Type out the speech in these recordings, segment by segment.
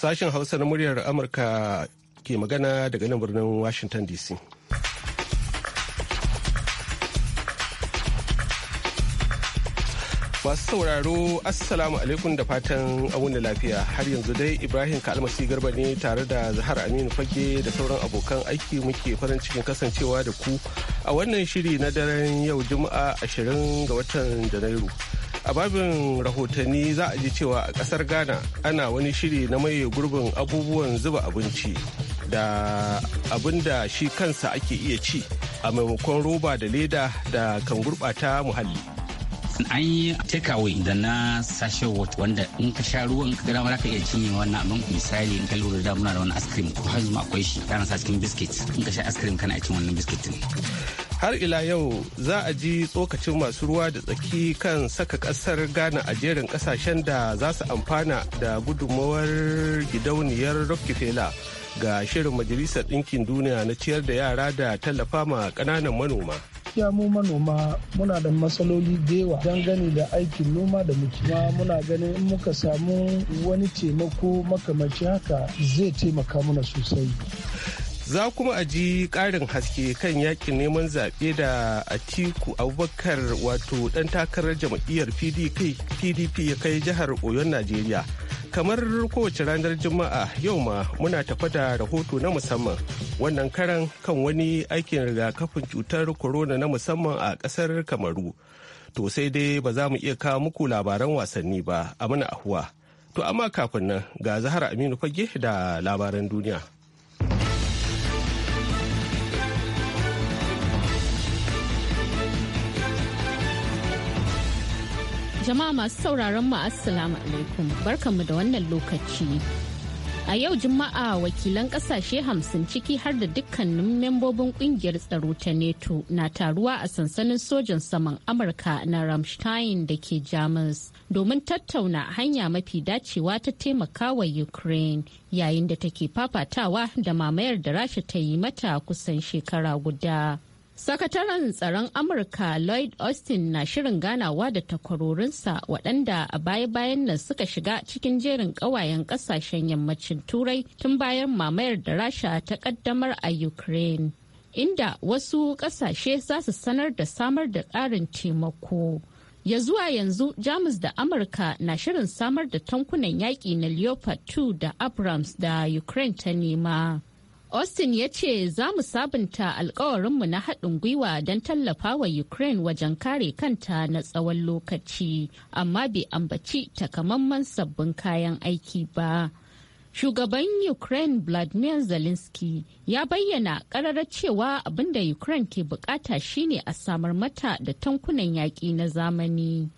Sashen Hausa na muryar Amurka ke magana daga nan birnin Washington DC. Masu sauraro Assalamu alaikum da fatan da lafiya har yanzu dai Ibrahim Kalmasi Garba ne tare da Zahar Aminu Fage da sauran abokan aiki muke farin cikin kasancewa da ku a wannan shiri na daren yau Juma'a 20 ga watan Janairu. a babin rahotanni za a ji cewa a kasar ghana ana wani shiri na maye gurbin abubuwan zuba abinci da abin da shi kansa ake iya ci a maimakon roba da leda da kan gurbata muhalli an yi takeaway da na sashe water wanda in ka sha ruwan ka mara ka iya cinye wannan abin misali in ka lura da muna da wani ice cream ko har akwai shi kana sa cikin biscuit in ka sha ice cream kana cin wannan biscuit din har ila yau za a ji tsokacin masu ruwa da tsaki kan saka kasar ghana a jerin kasashen da za su amfana da gudunmawar gidauniyar rockefeller ga shirin majalisar ɗinkin duniya na ciyar da yara da tallafa ma ƙananan manoma ya mu manoma muna da matsaloli da yawa gani da aikin noma da muke ma muna ganin in muka samu wani taimako makamashi haka zai taimaka mana sosai za kuma a ji ƙarin haske kan yakin neman zaɓe da atiku abubakar wato ɗan takarar jam'iyyar pdp ya kai jihar oyon najeriya kamar kowace ranar juma'a yau ma muna tafa da rahoto na musamman wannan karan kan wani aikin rigakafin cutar corona na musamman a ƙasar kamaru to sai dai ba za mu iya kawo muku labaran wasanni ba a mana ahuwa to amma kafin nan ga zahara aminu fage da labaran duniya. Jama'a masu sauraron mu Assalamu alaikum barkanmu da wannan lokaci. A yau Juma'a wakilan kasashe hamsin ciki har da dukkanin membobin kungiyar tsaro ta NATO na taruwa a sansanin sojan saman Amurka na Ramstein da ke Jamus domin tattauna hanya mafi dacewa ta taimaka wa Ukraine yayin da take fafatawa da mamayar da Rasha ta yi mata kusan shekara guda. Sakataren tsaron Amurka Lloyd Austin na shirin ganawa da takwarorinsa waɗanda a baya-bayan nan suka shiga cikin jerin ƙawayen ƙasashen yammacin Turai tun bayan mamayar da Rasha ta ƙaddamar a Ukraine, inda wasu ƙasashe za su sanar da samar da ƙarin taimako. Ya zuwa yanzu Jamus da Amurka na shirin samar da tankunan yaƙi na Leopard 2 da Abrams da Ukraine ta nema. Austin ya ce za mu sabunta alkawarinmu na haɗin gwiwa don tallafa wa Ukraine wajen kare kanta na tsawon lokaci, amma bai ambaci takamaiman sabbin kayan aiki ba. Shugaban Ukraine Vladimir Zelensky ya bayyana ƙararar cewa abinda da Ukraine ke bukata shine a samar mata da tankunan yaƙi na zamani.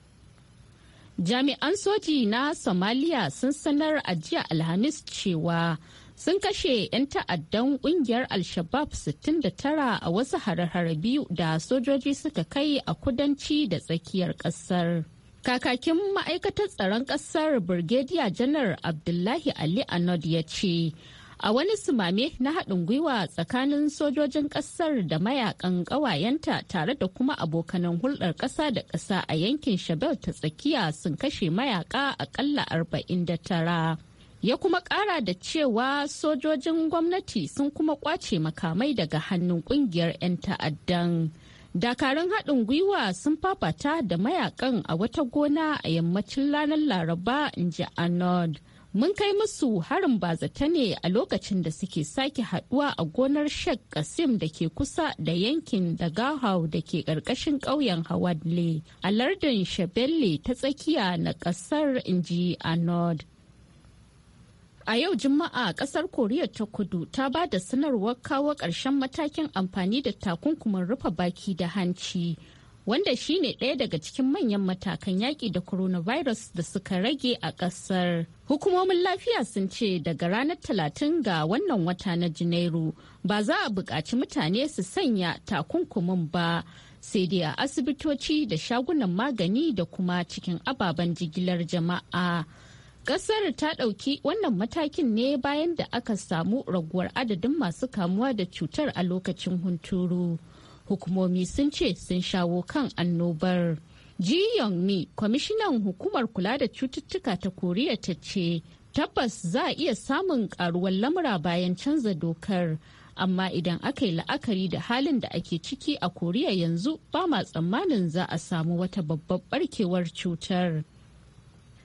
Jami'an soji na Somalia sun sanar a jiya Alhamis cewa sun kashe 'yan ta'addan kungiyar al-shabab 69 a wasu hare-hare biyu da sojoji suka kai a kudanci da tsakiyar kasar kakakin ma'aikatar tsaron kasar brigadier janar abdullahi ali anod ya ce a wani sumame na haɗin gwiwa tsakanin sojojin ƙasar da mayakan ƙawayenta tare da kuma abokanan hulɗar ƙasa da ƙasa a yankin shabel ta tsakiya sun kashe mayaka aƙalla 49 ya kuma kara da cewa sojojin gwamnati sun kuma kwace makamai daga hannun kungiyar 'yan ta'addan dakarun haɗin gwiwa sun fafata da mayakan a wata gona a yammacin ranar laraba in ji arnold mun kai musu harin bazata ne a lokacin da suke sake haɗuwa a gonar sheikh kasim da ke kusa da yankin da gahau da ke ƙarƙashin ƙauyen hawadle a lardin shebelle ta tsakiya na ƙasar in ji arnold A yau Juma'a kasar Koriya ta kudu ta ba da sanarwar kawo ƙarshen matakin amfani da takunkumin rufe baki da hanci. Wanda shi ne ɗaya daga cikin manyan matakan yaƙi da coronavirus da suka rage a ƙasar. Hukumomin lafiya sun ce daga ranar talatin ga wannan wata na Janairu ba za a buƙaci mutane su sanya takunkumin ba sai dai a asibitoci da shagunan magani da kuma cikin ababen jigilar jama'a. Ƙasar ta ɗauki wannan matakin ne bayan da aka samu raguwar adadin masu kamuwa da cutar a lokacin hunturu. Hukumomi sun ce sun shawo kan annobar. Ji Yong Mi, kwamishinan hukumar kula da cututtuka ta Koriya ta ce, tabbas za a iya samun karuwar lamura bayan canza dokar. Amma idan aka yi la'akari da halin da ake ciki a Koriya yanzu ba ma tsammanin za a samu wata babbar barkewar cutar.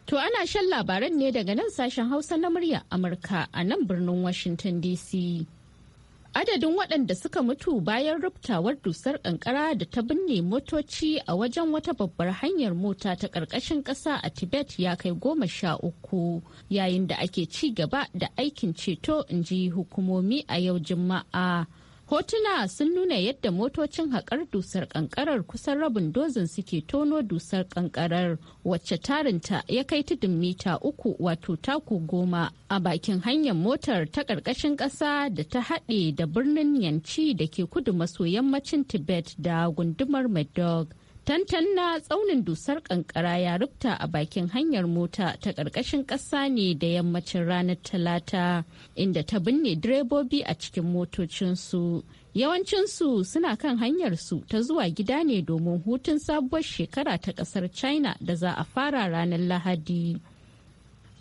To ana shan labaran ne daga nan sashen Hausa na murya Amurka a nan birnin Washington DC. Adadin waɗanda suka mutu bayan ruptawar dusar ƙanƙara da ta binne motoci a wajen wata babbar hanyar mota ta ƙarƙashin ƙasa a Tibet ya kai goma sha uku yayin da ake ci gaba da aikin ceto in ji hukumomi a yau Juma'a. hotuna sun nuna yadda motocin haƙar dusar ƙanƙarar kusan rabin dozin suke tono dusar ƙanƙarar wacce tarinta ya kai tudun mita uku wato taku goma a bakin hanyar motar ta ƙarƙashin ƙasa da ta haɗe da birnin yanci da ke kudu maso yammacin tibet da gundumar medog tantanna tsaunin dusar kankara ya rubta a bakin hanyar mota ta ƙarƙashin ƙasa ne da yammacin ranar talata inda ta binne direbobi a cikin motocinsu yawancinsu suna kan hanyarsu ta zuwa gida ne domin hutun sabuwar shekara ta ƙasar china da za a fara ranar lahadi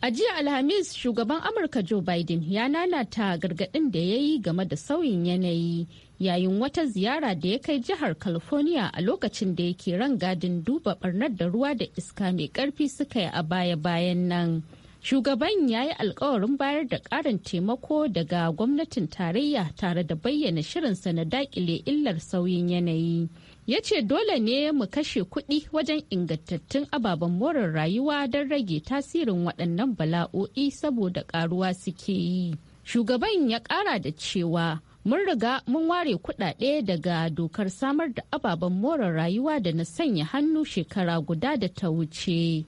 A jiya Alhamis shugaban Amurka Joe Biden ya nanata gargaɗin da ya yi game da sauyin yanayi yayin wata ziyara da ya kai jihar california a lokacin da yake rangadin duba barnar da ruwa da iska mai karfi suka yi a baya-bayan nan shugaban ya yi alkawarin bayar da karin taimako daga gwamnatin tarayya tare da bayyana shirinsa na dakile illar sauyin yanayi ya ce dole ne mu kashe kuɗi wajen ingantattun ababen more rayuwa don rage tasirin waɗannan bala'o'i saboda ƙaruwa suke yi shugaban ya ƙara da cewa mun riga mun ware kudade daga dokar samar da ababen more rayuwa da na sanya hannu shekara guda da ta wuce.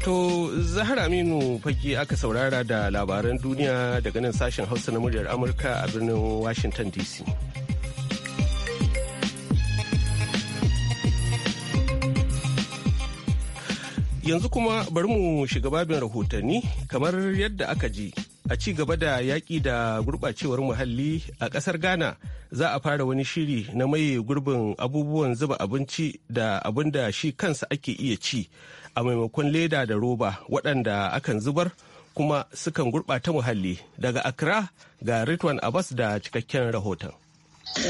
To Zahra Aminu faki aka saurara da labaran duniya daga nan sashen Hausa na muryar Amurka a birnin Washington DC. Yanzu kuma bari mu shiga babin rahotanni kamar yadda aka ji a ci gaba da yaƙi da gurɓacewar muhalli a ƙasar Ghana za a fara wani shiri na maye gurbin abubuwan zuba abinci da abin da shi kansa ake iya ci a maimakon leda da roba waɗanda akan zubar kuma sukan gurɓata muhalli daga Accra ga Ritwan Abbas da cikakken rahoton.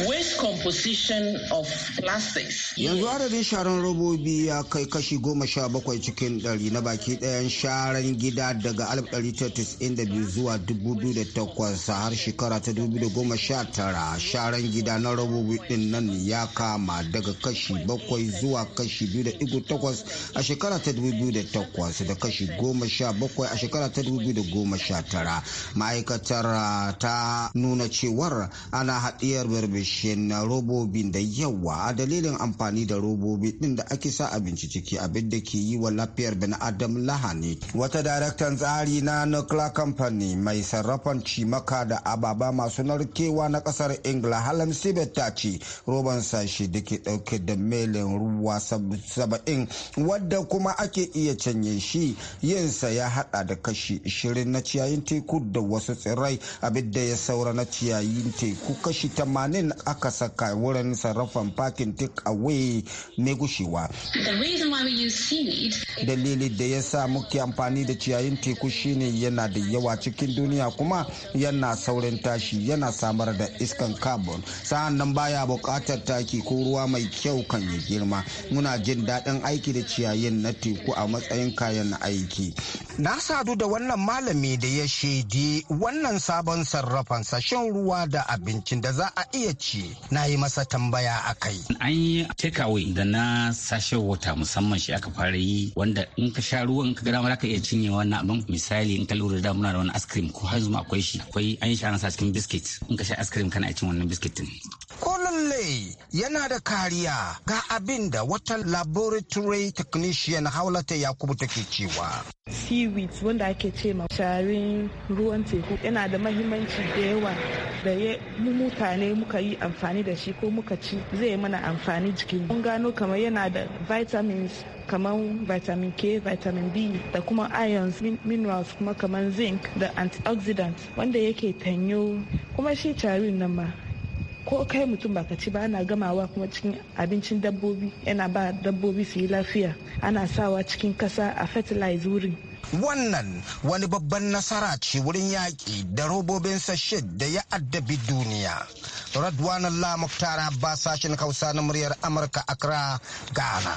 Waste composition of plastics. Yanzu adadin sharan robobi ya kai kashi goma sha bakwai cikin ɗari na baki ɗayan sharan gida daga alif biyu zuwa dubu biyu da takwas a har shekara ta dubu da goma sha tara. sharan gida na robobi ɗin nan ya kama daga kashi bakwai zuwa kashi biyu da takwas a shekara ta dubu biyu da takwas da kashi goma sha bakwai a shekara ta dubu biyu da goma sha tara ma'aikatar ta nuna cewar ana haɗiyar bishiyan na robobin da yawa a dalilin amfani da robobi din da ake sa abinci ciki abin da ke yi wa lafiyar bin adam lahani wata daraktan tsari na nuclear company mai sarrafan cimaka da ababa masu narkewa na kasar ingila halam sibet ta ce roban sashi da ke dauke da melin ruwa saba'in wadda kuma ake iya canye shi yinsa ya hada da kashi ishirin na ciyayin teku da wasu tsirrai abin da ya saura na ciyayin teku kashi tamanin. kuɗin aka saka wurin sarrafan fakin take away mai gushewa. Dalili da ya sa muke amfani da ciyayin teku shine yana da yawa cikin duniya kuma yana saurin tashi yana samar da iskan carbon sa'an nan baya bukatar taki ko ruwa mai kyau kan yi girma muna jin daɗin aiki da ciyayin na teku a matsayin kayan aiki. Na sadu da wannan malami da ya shaidi wannan sabon sarrafan sashen ruwa da abincin da za a iya ya ce na yi masa tambaya a kai. An yi takeaway da na sashe wata musamman shi aka fara yi wanda in ka sha ruwan ka gada ka iya cinye wannan abin misali in ka lura da muna da wani ice cream ko har akwai shi akwai an yi shi ana sa cikin biscuit in ka sha ice cream kana cin wannan biscuit. din. kai yana da kariya ga abin da wata laboratory technician haulata yakubu take cewa seaweeds wanda ake ce ma sharin ruwan teku yana da mahimmanci da yawa da ya mutane muka yi amfani da shi ko muka ci zai mana amfani jikin mun gano kamar yana da vitamins kamar vitamin k vitamin b da kuma ions minerals kuma kamar zinc da antioxidants wanda yake tanyo kuma shi carin nan ma ko kai mutum baka ci ba ana gamawa kuma cikin abincin dabbobi yana ba dabbobi su yi lafiya ana sawa cikin kasa a fertilize wurin wannan wani babban nasara ce wurin yaƙi da robobin sashen da ya addabi duniya radwan allah muktara ba sashen hausa na muryar amurka accra ghana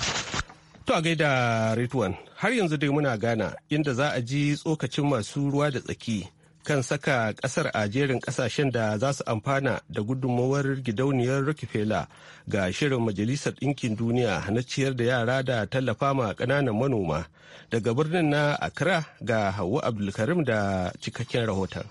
To a gaida Ritwan, har yanzu dai muna ghana inda za a ji tsokacin masu ruwa da tsaki kan saka kasar a jerin kasashen da za su amfana da gudunmawar gidauniyar rockefeller ga shirin majalisar ɗinkin duniya na ciyar da yara da tallafa ma ƙananan manoma daga birnin na accra ga Hauwa abdulkarim da cikakken rahoton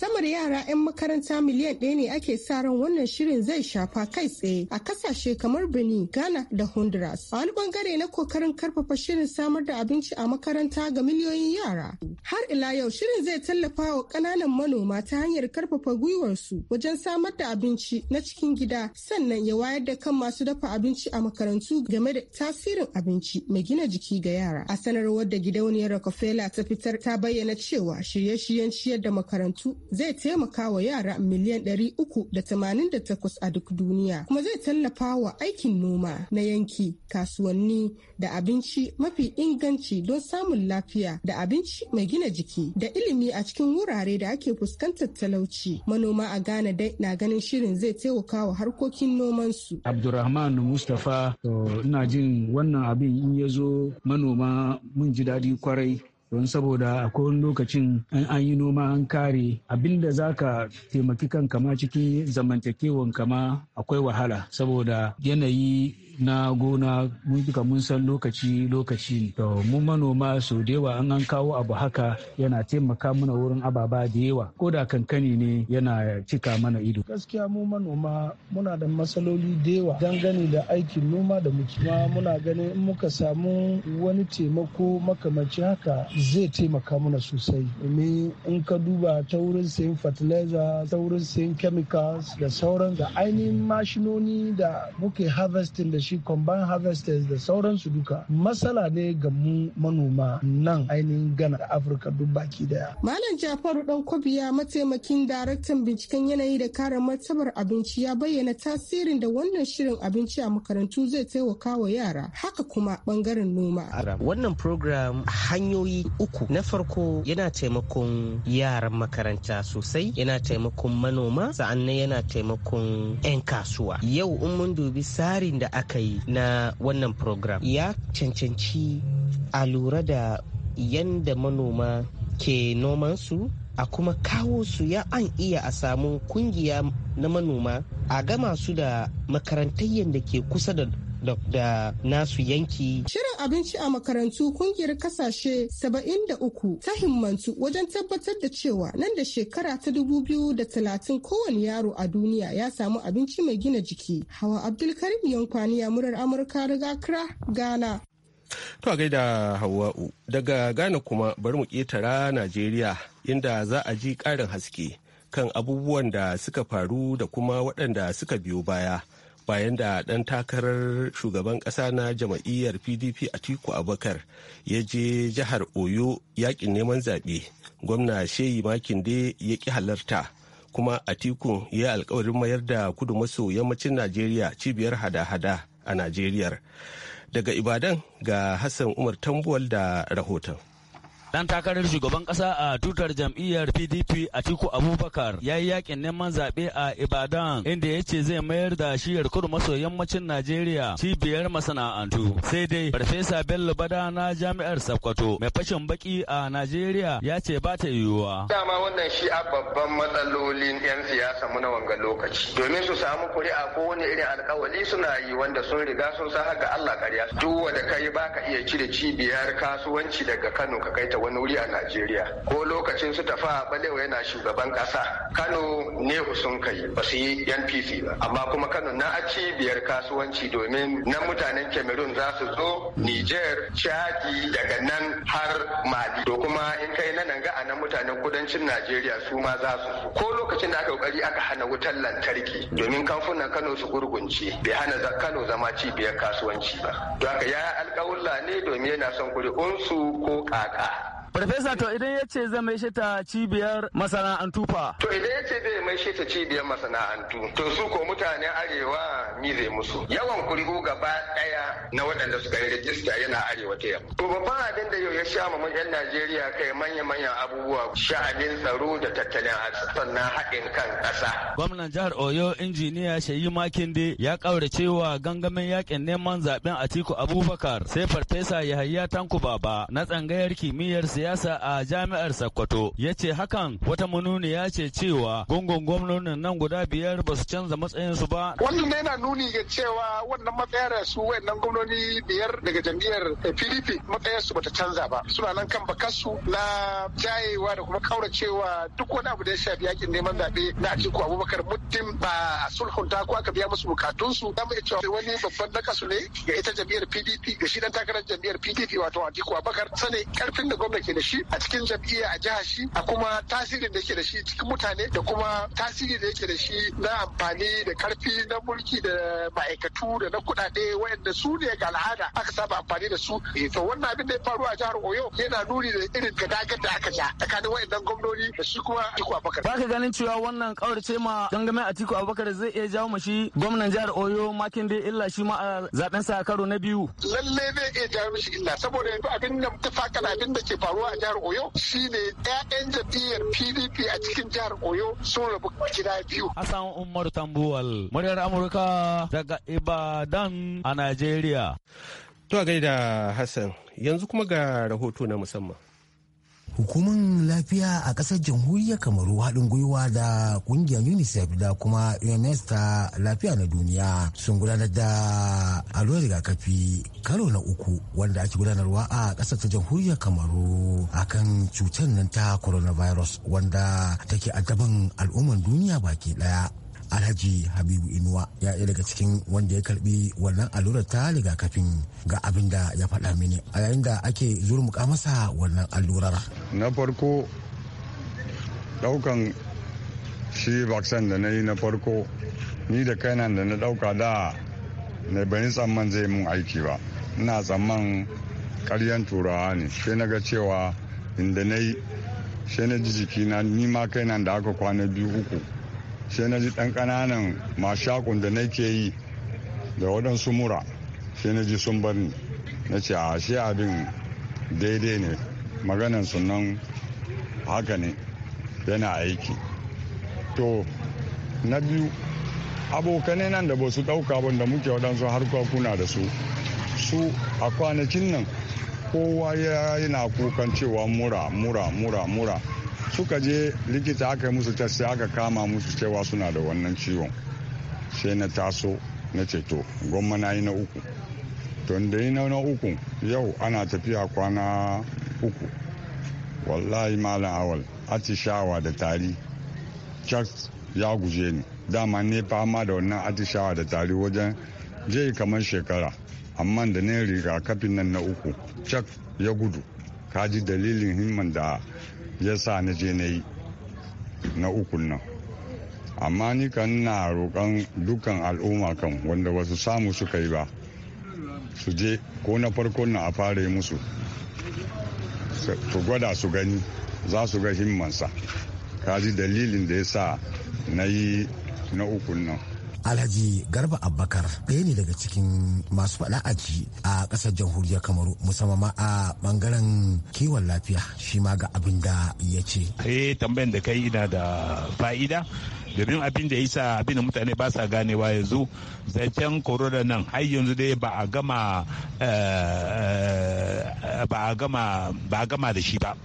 Samar yara 'yan makaranta miliyan ɗaya ne ake sa ran wannan shirin zai shafa kai tsaye a kasashe kamar Benin, Ghana da Honduras. A wani bangare na kokarin karfafa shirin samar da abinci a makaranta ga miliyoyin yara. Har ila yau shirin zai tallafa wa ƙananan manoma ta hanyar karfafa gwiwar su wajen samar da abinci na cikin gida sannan ya wayar da kan masu dafa abinci a makarantu game da tasirin abinci mai gina jiki ga yara. A sanarwar da gidauniyar Rockefeller ta fitar ta bayyana cewa shirye-shiryen ciyar da makarantu zai taimaka wa yara miliyan 388 a duk duniya kuma zai tallafa wa aikin noma na yanki kasuwanni da abinci mafi inganci don samun lafiya da abinci mai gina jiki da ilimi a cikin wurare da ake fuskantar talauci manoma a ghana dai na ganin shirin zai taimaka wa harkokin nomansu abdurrahman mustapha ina jin wannan abin in ya zo manoma mun ji daɗi kwarai don saboda akwai wani lokacin an an yi noma an kare abinda za ka taimaki kan kama cikin zamantakewan kama akwai wahala saboda yanayi na gona mun duka mun san lokaci lokaci to mu manoma so da yawa an an kawo abu haka yana taimaka mana wurin ababa da yawa ko da kankani ne yana cika mana ido gaskiya mu manoma muna da matsaloli da yawa dangane da aikin noma da muke ma muna ganin in muka samu wani taimako makamanci haka zai taimaka mana sosai domin in ka duba ta wurin sayin fertilizer ta wurin sayin chemicals da sauran da ainihin mashinoni da muke harvesting da shi shi combine harvesters da sauransu duka matsala ne ga mu manoma nan ainihin gana da afirka duk baki daya malam jafaru dan kwabiya mataimakin daraktan binciken yanayi da kare martabar abinci ya bayyana tasirin da wannan shirin abinci a makarantu zai taimaka wa yara haka kuma bangaren noma wannan program hanyoyi uku na farko yana taimakon yaran makaranta sosai yana taimakon manoma sa'annan yana taimakon 'yan kasuwa yau in mun dubi tsarin da aka aka yi na wannan program ya cancanci a lura da yanda manoma ke nomansu a kuma kawo su ya an iya a samu kungiya na manoma a gama su da makarantayyar da ke kusa da da nasu yanki. Shirin abinci a makarantu kungiyar kasashe 73 ta himmantu wajen tabbatar da cewa nan da shekara ta 2030 kowane yaro a duniya ya samu abinci mai gina jiki. Hawa Abdulkarim Yankwaniya murar Amurka daga Accra, Ghana. To a gaida hawa daga Ghana kuma bari mu ƙetara Najeriya inda za a ji ƙarin haske kan abubuwan da suka faru da kuma waɗanda suka biyo baya. bayan da ɗan takarar shugaban ƙasa na jama'iyyar pdp atiku abakar ya je jihar oyo yakin neman zaɓe gwamna sheyi makinde ya ƙi halarta kuma atiku ya yi alkawarin mayar da kudu maso yammacin najeriya cibiyar hada-hada a najeriyar daga ibadan ga hassan umar tambuwal da rahoton Dan takarar shugaban kasa a tutar jam'iyyar PDP Atiku Abubakar ya yi yakin neman zaɓe a Ibadan inda ya ce zai mayar da shiyar kudu maso yammacin Najeriya cibiyar masana'antu. Sai dai Farfesa Bello Bada na jami'ar Sokoto mai fashin baki a Najeriya ya ce ba ta yiwuwa. Dama wannan shi a babban matsalolin 'yan siyasa mu na wanga lokaci. Domin su samu kuri'a ko wani irin alkawali suna yi wanda sun riga sun sa haka Allah karya. Duk wanda kai baka iya cire cibiyar kasuwanci daga Kano ka kai ta wani wuri a Najeriya ko lokacin su tafa balewa yana shugaban kasa Kano ne sun kai ba su yi NPC ba amma kuma Kano na aci cibiyar kasuwanci domin nan mutanen Cameroon za su zo Niger Chadi daga nan har Mali to kuma in kai na nan ga anan mutanen kudancin Najeriya su ma za su ko lokacin da aka kokari aka hana wutar lantarki domin kamfunan Kano su gurgunci, bai hana Kano zama cibiyar kasuwanci ba don haka ya alƙawulla ne domin yana son kuri'unsu ko kaka Farfesa to idan ya ce zai maishe ta cibiyar masana'antu fa. To idan ya ce zai maishe ta cibiyar masana'antu to su ko mutane arewa mi zai musu. Yawan kuri'u gaba ɗaya na waɗanda suka yi rajista yana arewa ta yamma. To babban abin da yau ya sha mu 'yan Najeriya kai manya-manyan abubuwa sha'anin tsaro da tattalin arziki sannan haɗin kan ƙasa. Gwamnan jihar Oyo injiniya Shayi Makinde ya ƙaure cewa gangamin yakin neman zaɓen Atiku Abubakar sai Farfesa Yahaya Tanko Baba na tsangayar kimiyyar siyasa a jami'ar Sokoto ya ce hakan wata manuniya ce cewa gungun gwamnonin nan guda biyar ba su canza matsayinsu ba. Wannan ne yana nuni ga cewa wannan matsayar su wayannan gwamnoni biyar daga jam'iyyar PDP matsayar su bata canza ba. Suna nan kan bakarsu na jayewa da kuma kauracewa duk wani abu da ya shafi yakin neman zaɓe na Atiku Abubakar muddin ba a sulhunta ko aka biya musu bukatunsu. Za mu iya cewa wani babban nakasu ne ga ita jam'iyyar PDP ga shi dan takarar jam'iyyar PDP wato Atiku Abubakar sani karfin da gwamnati yake da shi a cikin jam'iyya a jihar shi a kuma tasirin da yake da shi cikin mutane da kuma tasiri da yake da shi na amfani da karfi na mulki da ma'aikatu da na kuɗaɗe wayanda su ne ga al'ada aka saba amfani da su eh, to wannan abin da ya faru a jihar Oyo yana nuni da irin gadagar da aka ja tsakanin wayannan gwamnoni da shi kuma Atiku Abubakar ba ka ganin cewa wannan kaurace ma gangamin Atiku Abubakar zai iya jawo mashi gwamnan jihar Oyo makin dai illa shi ma a zaben sa karo na biyu lalle zai iya jawo mashi illa saboda abin da ta abin da ke faru faruwa a jihar Oyo shine ƴaƴan jam'iyyar PDP a cikin jihar Oyo sun rabu gida biyu. Hassan Umar Tambuwal, muryar Amurka daga Ibadan a Najeriya. To a gaida Hassan, yanzu kuma ga rahoto na musamman. hukumar lafiya a kasar jamhuriyar kamaru haɗin gwiwa da ƙungiyar unicef da kuma ums ta lafiya na duniya sun gudanar da allurar rigakafi karo na uku wanda ake gudanarwa a ƙasar ta jamhuriyar kamaru akan cutar nan ta coronavirus wanda take addaban al'umman duniya baki ɗaya alhaji habibu inuwa ya yi daga cikin wanda ya karbi wannan allurar ta rigakafin ga abin da ya faɗa mini a yayin da ake zurmuka masa wannan allurar na farko ɗaukan shi vaccine da na yi na farko ni da kaina da na ɗauka da na bani tsamman zai mun aiki ba ina tsamman karyan turawa ne sai na ga cewa inda na yi sai na ji jikina ni ma kaina da aka kwana biyu uku sai na ji ɗan ƙananan mashakun da nake yi da waɗansu mura sai na ji sun bar ni na ce a shi abin daidai ne maganan sunan haka ne yana aiki to na biyu abokanai nan da ba su ɗauka ban da muke waɗansu harkokuna da su su a kwanakin nan kowa yana kukan cewa mura mura mura mura suka je likita aka yi musu tasiri sai aka kama musu cewa suna da wannan ciwon sai na taso na ceto gwamma na yi na uku to da yi na uku yau ana tafiya kwana uku wallahi malam awal atishawa da tari charles ya guje ni dama ne fama da wannan atishawa da tari wajen je kamar shekara amma da ne rigakafin nan na uku chuck ya gudu ka ji dalilin himman da ya sa na je na yi na ukun nan amma ni kan na roƙon dukkan al'umma kan wanda wasu samu suka yi ba su je ko na farko na a fara musu su gwada su gani za su ga himmansa kaji dalilin da ya sa na yi na ukun nan alhaji garba abbakar ɗaya ne daga cikin masu faɗa a ji a ƙasar jamhuriyar kamaru musamman ma a ɓangaren kiwon lafiya shi ma ga abin da ya ce eh tambayan da kai ina da fa'ida domin abin da isa abin da mutane ba sa ganewa yanzu zancen corona nan har yanzu dai ba eh, eh, ba a gama da shi ba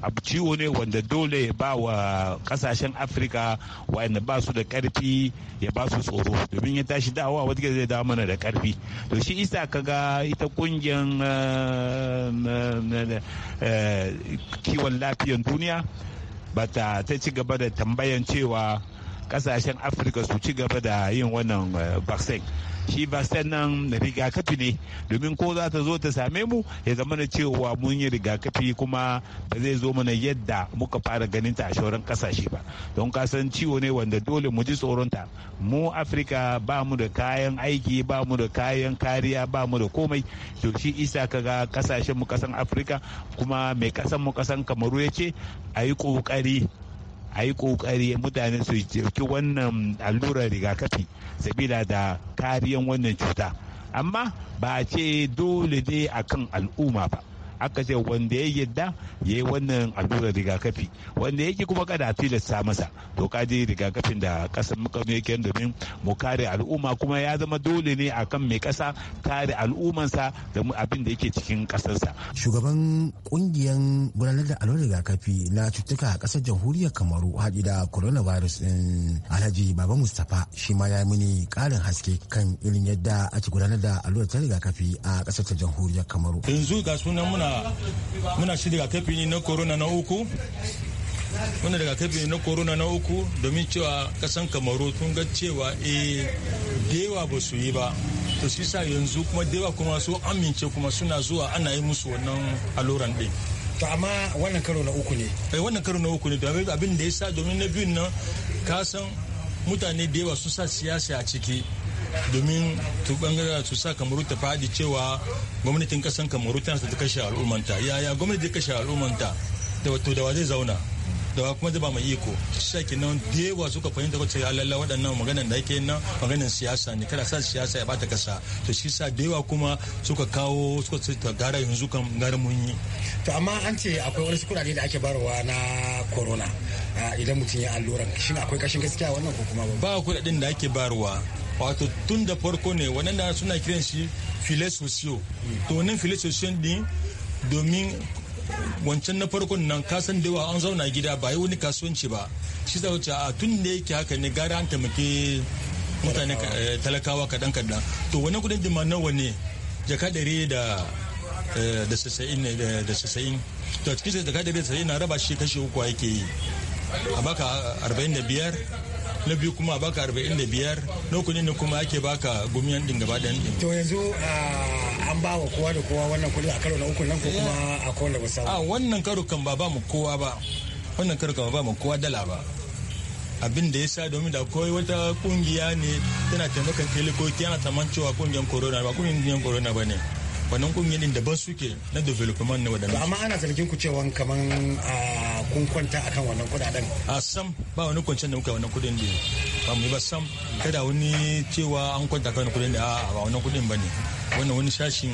abu ciwo ne wanda dole ya ba wa kasashen afirka wa'anda ba su da karfi ya ba su tsoro domin ya tashi dawa wadda zai dawo mana da karfi to shi isa kaga ita kungiyar eh, eh, eh, kiwon lafiyan duniya bata ta ci gaba da tambayan cewa kasashen afirka su ci gaba da yin wannan vaccine shi vaccine nan rigakafi ne domin ko za ta zo ta same mu ya zama na cewa mun yi rigakafi kuma ba zai zo mana yadda muka fara ganin ta a shauran kasashe ba don kasan ciwo ne wanda dole mu ji tsoronta mu afirka ba mu da kayan aiki ba mu da kayan kariya ba mu da komai to shi isa kaga kasashen mu kasan afirka kuma mai kasan mu kasan kamaru ya ce a yi kokari a yi kokari mutane su jirki wannan allurar rigakafi sabila da kariyan wannan cuta amma ba a ce dole ne a kan al'umma ba aka ce wanda ya yadda ya yi wannan allurar rigakafi wanda yake kuma kada a tilasta masa to kaji rigakafin da kasan makano yake domin mu kare al'umma kuma ya zama dole ne a kan mai kasa kare al'ummansa da abin da yake cikin kasarsa shugaban kungiyan gudanar da allurar rigakafi na cutuka a kasar jamhuriyar kamaru haɗi da coronavirus din alhaji baba mustapha shi ma ya mini ƙarin haske kan irin yadda ake gudanar da allurar ta rigakafi a kasar ta jamhuriyar kamaru yanzu ga sunan muna muna shi rigakafi ne na corona na uku muna daga kafi na corona na uku domin cewa kasan kamaru tun ga cewa e eh, dewa ba su yi ba to shi sa yanzu kuma dewa kuma su amince kuma suna zuwa ana yi musu wannan alluran din to amma wannan karo na uku ne eh wannan karo na uku ne domin abin da ya sa domin na biyun nan kasan mutane dewa su sa siyasa a ciki domin tu bangare su sa kamaru ta fadi cewa gwamnatin kasan kamaru tana ta kashe al'ummanta yaya gwamnati ta kashe al'ummanta da wato da wa zai zauna da wa kuma da ba mai iko shi kenan da yawa suka fahimta ko ce lalla waɗannan maganan da yake nan maganan siyasa ne kada sa siyasa ya bata kasa to shi sa da yawa kuma suka kawo suka ce ta gara yanzu kan gara mun yi to amma an ce akwai wani kuɗaɗe da ake barwa na corona idan mutum ya alluran shin akwai kashin gaskiya wannan ko kuma ba ba kuɗaɗen da ake barwa wato tun da farko ne wadanda suna kiran shi filet sosiyo to wannan filet sosiyo din domin wancan na farko nan kasan da an zauna gida ba yi wani kasuwanci ba shi sa wuce a tun da yake haka ne gara an taimake mutane eh, talakawa kaɗan kaɗan to wani kudin jima nawa ne jaka ɗari da eh, da sassa'in da sassa'in to cikin jaka ɗari da sassa'in na raba shi kashe uku yake yi a baka arba'in da biyar na biyu kuma a baka arba'in da biyar na kuɗin ne kuma ake baka gumiyan din gaba da ɗin. to yanzu an ba wa kowa da kowa wannan kuɗi a karo na uku nan ko kuma a da wasa. a wannan karo kan ba ba mu kowa ba wannan karo kan ba mu kowa dala ba abin da ya sa domin da kawai wata kungiya ne tana taimakon telikoki ana tsaman cewa kungiyar corona ba kungiyar corona ba ne. wannan kungiyoyin da ba suke na development ne wadannan amma ana zargin ku cewa kaman kun kwanta akan wannan kudaden a sam ba wani kwanciyar da muka wannan kudin ne ba mu yi ba sam kada wani cewa an kwanta akan kudin da a ba wannan kudin bane wannan wani sashin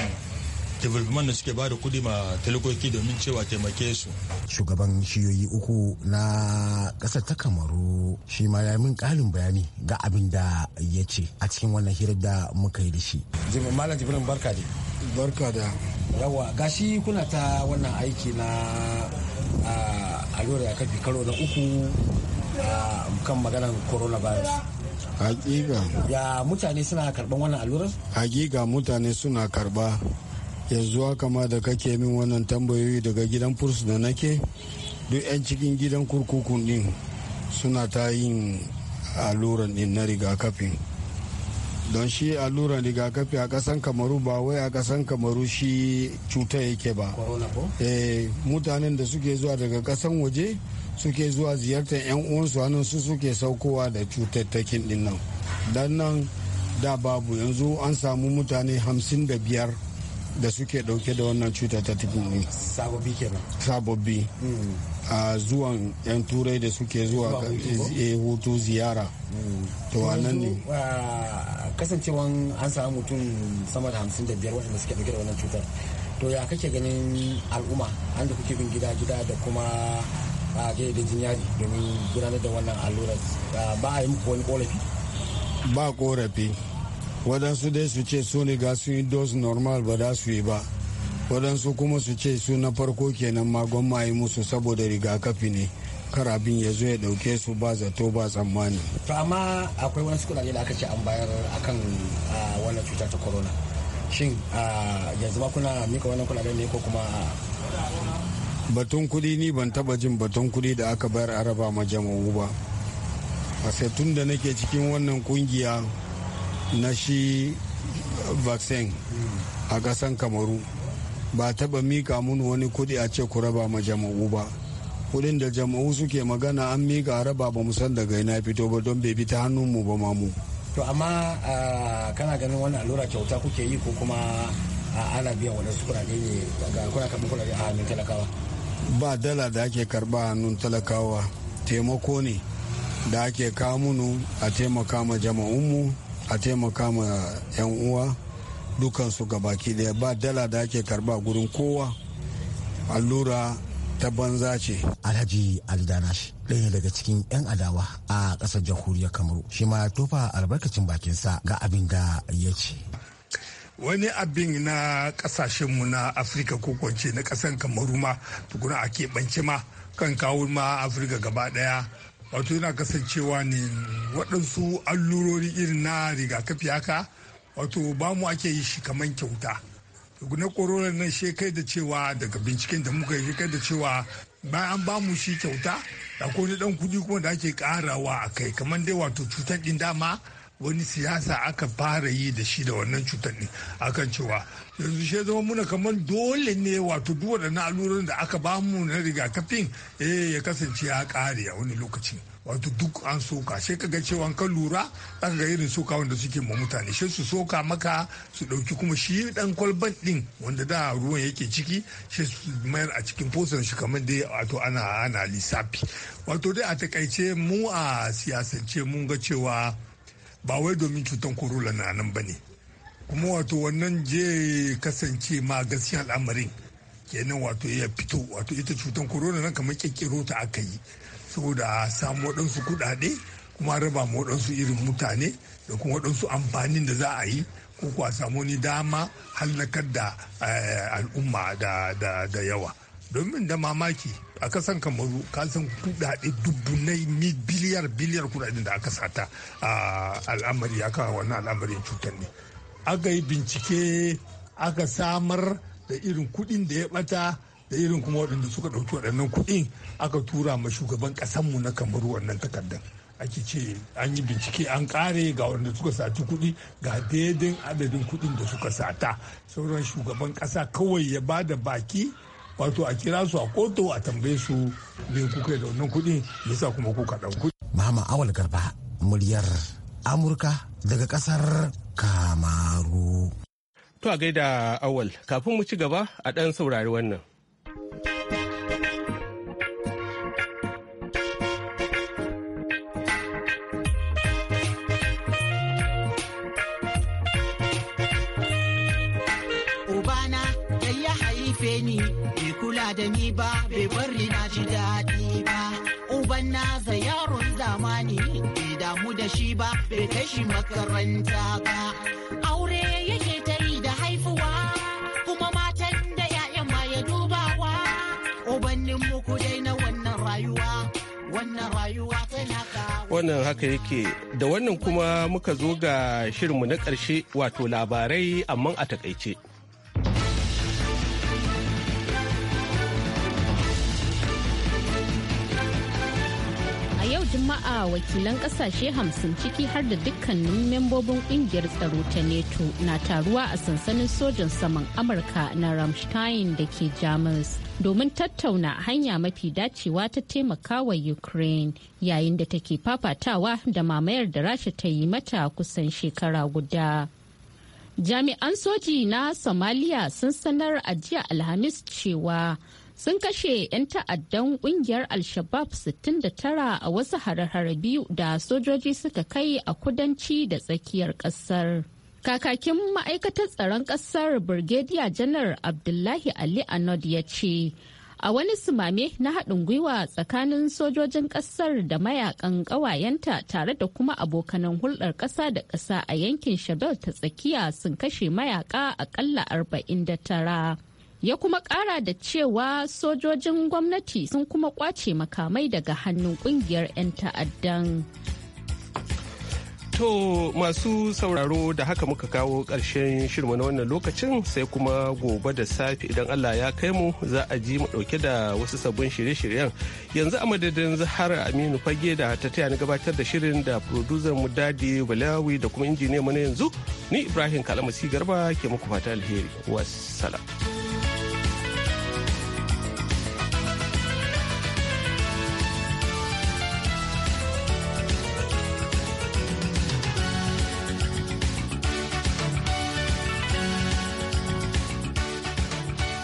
development da suke ba da kudi ma telekoki domin cewa taimake su. Shugaban shiyoyi uku na ƙasar ta Kamaru shi ma ya min bayani ga abin da ya ce a cikin wannan hirar da muka yi da shi. Malam Jibrin barka dai. barka da yawa gashi kuna ta wannan aiki na allurar rigakafi karo na uku kan maganar coronavirus hakika ya mutane suna karban wannan allurar hakika mutane suna karba yanzu haka ma da kake min wannan tambayoyi daga gidan furs da nake duk 'yan cikin gidan kurkukun din suna ta yin alluran din na rigakafin don shi alluran rigakafi a kasan kamaru ba wai a kasan kamaru shi cuta yake ba eh, mutanen da suke zuwa daga kasan waje suke zuwa ziyartar 'yan uwansu hannun su suke saukowa da cutattakin din nan don nan da babu yanzu an samu mutane hamsin da biyar da suke dauke da wannan cutattakin sababbi sabobi hmm. a zuwan 'yan turai da suke zuwa eh, hutu ziyara to a nan ne kasancewan an samu mutum sama da hamsin da biyar waɗanda suke ɗauke da wannan cutar to ya kake ganin al'umma an da kuke bin gida-gida da kuma a da yari domin gudanar da wannan allurar ba a yi muku wani korafi ba korafi waɗansu dai su ce su ne ga su yi dose normal ba da su yi ba waɗansu kuma su ce su na farko kenan ma gwamma yi musu saboda rigakafi ne kar abin ya zo ya ɗauke su ba zato ba tsammani. to amma akwai wani kuɗaɗe da aka ce an bayar akan wannan cuta ta corona shin yanzu ba kuna mika wannan kuɗaɗe ne ko kuma batun kuɗi ni ban taɓa jin batun kuɗi da aka bayar a raba ma jama'u ba a tun da nake cikin wannan kungiya na shi vaccine a ƙasan kamaru ba taba mika mun wani kudi a ce ku raba ma jama'u ba kudin da jama'u suke magana an mika raba ba san daga ina fito ba don bai bi ta hannun mu ba mamu to amma ah, kana ganin wani allura kyauta kuke yi ko kuma ah, ana biya waɗansu kuɗaɗe ne ga kuna kamar kuɗaɗe a hannun talakawa ba dala da ake karɓa hannun talakawa taimako ne da ake munu a taimaka ma jama'unmu a taimaka ma 'yan uwa dukansu gabaki daya ba dala da ake karba gurin kowa allura ta banza ce. Alhaji aldanashi ɗaya daga cikin 'yan adawa a ƙasar jamhuriyar Kamaru shi ma tofa albarkacin bakinsa ga abin da ya ce. Wani abin na mu na Afirka ko kwance na ƙasar Kamaru ma tukuna a keɓance ma kan kawo ma Afirka gaba ɗaya wato yana kasancewa ne waɗansu allurori irin na rigakafi haka wato ba mu ake yi shi kaman kyauta na korona nan shi da cewa daga binciken da muka yi kai da cewa bayan an ba mu shi kyauta da ko ni dan kudi kuma da ake karawa a kai kamar dai wato cutar din dama wani siyasa aka fara yi da shi da wannan cutar din akan cewa yanzu shi zama muna kamar dole ne wato duk waɗannan alluran da aka ba mu na rigakafin eh ya kasance ya kare a wani lokacin wato duk an soka sai ka ga cewa kan lura za ga irin soka wanda suke ma mutane sai su soka maka su ɗauki kuma shi dan kwalban din wanda da ruwan yake ciki sai su mayar a cikin fosan shi kamar dai wato ana ana lissafi wato dai a takaice mu a siyasance mun ga cewa ba wai domin cutan korona na nan ba ne kuma wato wannan je kasance ma gaskiya al'amarin kenan wato ya fito wato ita cutan corona nan kamar kirkiro ta aka yi saboda a samu waɗansu kuɗaɗe kuma raba mu waɗansu irin mutane da kuma waɗansu amfanin da za a yi ko kuwa samu wani dama hallakar da eh, al'umma da yawa domin da mamaki a kasan kamaru ka san kuɗaɗe dubbunai mi biliyar biliyar kuɗaɗe da aka sata a al'amari aka wannan al'amarin cutar ne aka yi bincike aka samar da irin kuɗin da ya ɓata. da irin kuma waɗanda suka ɗauki waɗannan kuɗi aka tura ma shugaban ƙasanmu na kamaru wannan takardar ake ce an yi bincike an ƙare ga waɗanda suka saci kuɗi ga daidai adadin kuɗin da suka sata sauran shugaban ƙasa kawai ya ba da baki wato a kira su a koto a tambaye su me kuka da wannan kuɗi yasa kuma kuka kuɗi. Mama Awal Garba muryar Amurka daga ƙasar Kamaru. To a gaida Awal kafin mu ci gaba a ɗan saurari wannan. Ubana dai ya haife ni, bai kula da ni ba, bai bari na ji daɗi ba. Uban naza yaron zamani, bai damu da shi ba, bai kai shi makaranta ba. Aure ku wannan rayuwa rayuwa wannan haka yake da wannan kuma muka zo ga shirinmu na ƙarshe wato labarai amma a takaice. wakilan kasashe hamsin ciki har da dukkanin membobin kungiyar tsaro ta neto na taruwa a sansanin sojan saman amurka na ramstein da ke jamus domin tattauna hanya mafi dacewa ta taimaka wa ukraine yayin da take fafatawa da mamayar da rasha ta yi mata kusan shekara guda jami'an soji na somaliya sun sanar a jiya alhamis cewa sun kashe 'yan ta'addan kungiyar al-shabab 69 a wasu hare biyu da sojoji suka kai a kudanci da tsakiyar kasar kakakin ma'aikatar tsaron kasar Birgediya janar abdullahi ali anod ya ce a wani sumame na haɗin gwiwa tsakanin sojojin ƙasar da mayakan ƙawayenta tare da kuma abokanan hulɗar ƙasa da ƙasa a yankin shabel ta tsakiya sun kashe mayaka aƙalla 49 ya kuma kara da cewa sojojin gwamnati sun kuma kwace makamai daga hannun kungiyar 'yan ta'addan To masu sauraro da haka muka kawo ƙarshen shirma na wannan lokacin sai kuma gobe da safe idan Allah ya kai mu za a ji mu ɗauke da wasu sabbin shirye-shiryen. Yanzu a madadin Zahara Aminu Fage da ta taya ni gabatar da shirin da producer mu Dadi Balawi da kuma injiniya mu yanzu ni Ibrahim Kalamasi Garba ke muku fata alheri. Wassalam.